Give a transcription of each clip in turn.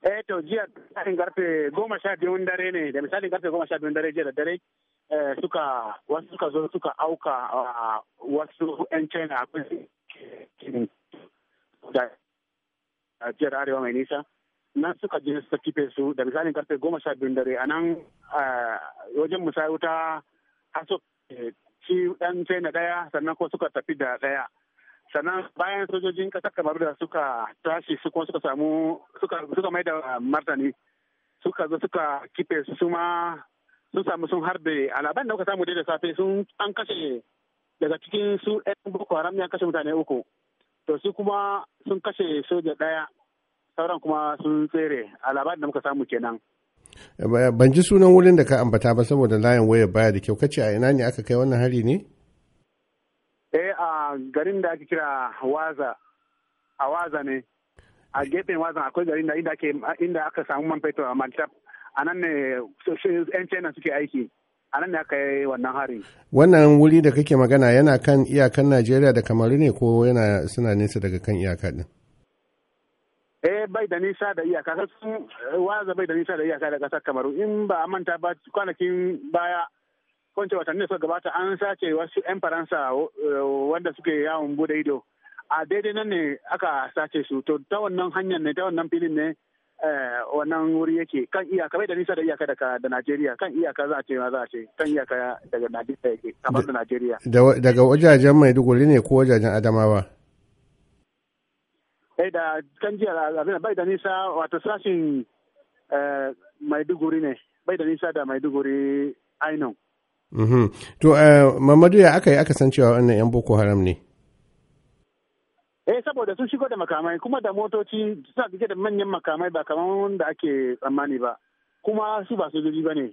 eh to jiya misalin karfe goma sha biyun dare ne da misalin karfe goma sha biyun dare jiya da dare eh, suka wasu suka zo suka auka ah, wasu yan china akwai da jiyar arewa mai nisa nan suka je suka kife su da misalin karfe goma sha biyun dare a nan eh, wajen musayu ta haso su ci dan china daya sannan ko suka tafi da daya sannan bayan sojojin ƙasar kamar da suka tashi su kuma suka samu suka mai da martani suka zo suka kife su ma sun samu sun harbe alaban da muka samu dai da safe sun an kashe daga cikin su ɗan boko haram ya kashe mutane uku to su kuma sun kashe soja ɗaya sauran kuma sun tsere alaban da muka samu kenan ban ji sunan wurin da ka ambata ba saboda layin waya baya da kyau kace a ina ne aka kai wannan hari ne eh a garin da ake kira waza a waza ne a gefen wazan akwai garin da inda ake inda aka samu man fetur a mantap a nan ne yan china suke aiki a nan ne aka yi wannan hari. wannan wuri da kake magana yana kan iyakan najeriya da kamaru ne ko yana suna nesa daga kan iyaka din eh bai da nisa da iyaka sun waza bai da nisa da iyaka da kasar kamaru in ba a manta ba kwanakin baya ko watanni da suka gabata an sace wasu 'yan faransa eh, wanda suke yawon bude ido a daidai nan ne aka sace su to ta wannan hanyar ne ta wannan filin ne eh, wannan wuri yake kan iyaka bai da nisa da iyaka daga da Najeriya kan iyaka za a ce ma za a ce kan iyaka daga Najeriya yake kamar da Najeriya daga wajajen Maiduguri ne ko wajajen Adamawa bai eh, da kan jiya abin bai da nisa wato sashin Maiduguri ne bai da nisa da Maiduguri ainihin Mm-hmm. To, eh, Mamadu ya aka yi aka san cewa wannan 'yan Boko Haram ne? Eh, saboda sun shigo da makamai kuma da motoci suna fike da manyan makamai ba kamar wanda ake tsammani ba. Kuma su ba sojoji ba ne.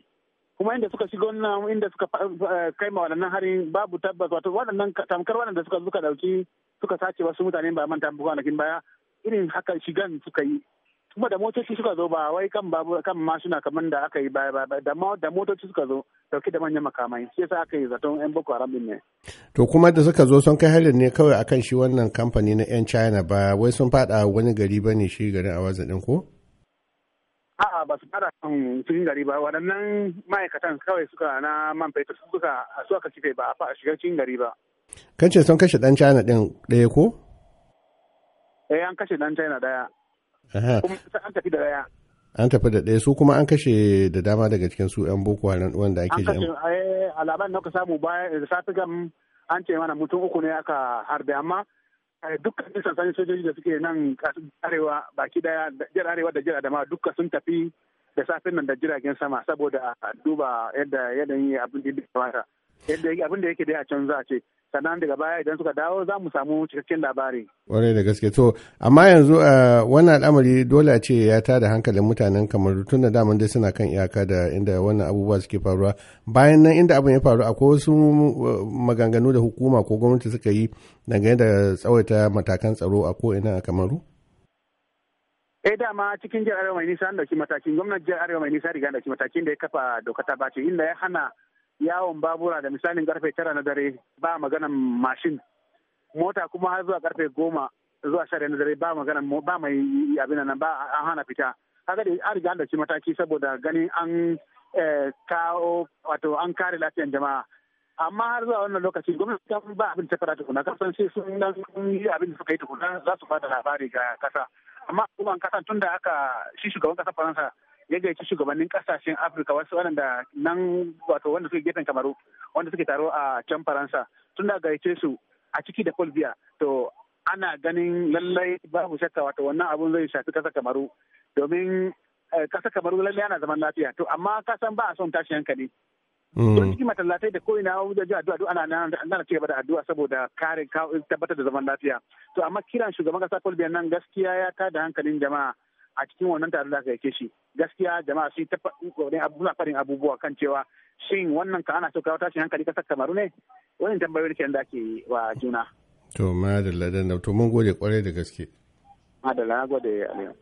Kuma inda suka shigo na inda suka eh, kai ma waɗannan hari babu tabbas wato waɗannan tamkar waɗanda suka zuka dauki suka sace wasu mutane ba manta kwanakin baya irin haka shigan suka yi kuma da motoci suka zo ba wai kan babu kan mashina kamar da aka yi baya ba da motoci suka zo dauki da manyan makamai shi yasa aka yi zaton yan boko haram din ne to kuma da suka zo sun kai harin ne kawai akan shi wannan kamfani na yan china ba wai sun fada wani gari bane shi garin awaza din ko a'a ba su fada kan cikin gari ba waɗannan ma'aikatan kawai suka na man fetur suka su aka kife ba a shiga cikin gari ba kan ce sun kashe dan china din ɗaya ko eh an kashe dan china daya kuma an tafi da daya an tafi da ɗaya su kuma an kashe da dama daga cikin su 'yan boko haram wanda ake jami'a. An kashe alaban na ka samu baya da safi gam an ce mana mutum uku ne aka harbe amma dukkan sansanin sojoji da suke nan arewa baki daya jihar arewa da jira adamawa dukka sun tafi da safin nan da jiragen sama saboda duba yadda yanayin abin da ya kamata. yadda abin da yake dai a can za a ce sannan daga baya idan suka dawo za mu samu cikakken labari. Ƙwarai da gaske to amma yanzu uh, wannan al'amari dole ce ya da hankalin mutanen kamar tun da daman dai suna kan iyaka da inda wannan abubuwa suke faruwa bayan nan inda abin ya faru akwai wasu uh, maganganu da hukuma ko gwamnati suka yi dangane da tsawaita matakan tsaro a ko ina a Kamaru. eh dama cikin jihar arewa mai nisa an dauki matakin gwamnan jihar arewa mai nisa riga dauki matakin da ya kafa doka ta ce inda ya hana yawon babura da misalin karfe tara na dare ba maganan mashin mota kuma har zuwa karfe goma zuwa sha na dare ba maganan ba mai abin nan ba an hana fita haka da an riga da ci mataki saboda ganin an eh, kawo wato an kare lafiyar jama'a amma har zuwa wannan lokaci gwamnati ta ba abin ta fara tukuna kasan sai sun nan yi abin da suka yi tukuna za su bada labari ga kasa amma kuma kasan tun da aka shi shugaban kasar faransa ya gaici shugabannin kasashen afirka wasu waɗanda nan wato wanda suke gefen kamaru wanda suke taro a can faransa tun da gaice su a ciki da paul biya to ana ganin lallai babu shakka wato wannan abun zai shafi ƙasar kamaru domin eh, ƙasar kamaru lallai ana zaman lafiya to amma kasan ba a son tashi hankali mm. don ciki matallatai da ko'ina wajen addu'a ana nan ci gaba da addu'a saboda kare tabbatar da zaman lafiya to amma kiran shugaban kasa Paul Biya nan gaskiya ya tada hankalin jama'a a cikin wannan taron da aka yake shi gaskiya jama'a sun ta abubuwa farin abubuwa kan cewa shin wannan ka ana so ka tashi hankali saka maru ne wannan tambayoyin kenan da ake wa juna to madalla da to mun gode kwarai da gaske madalla gode aliyu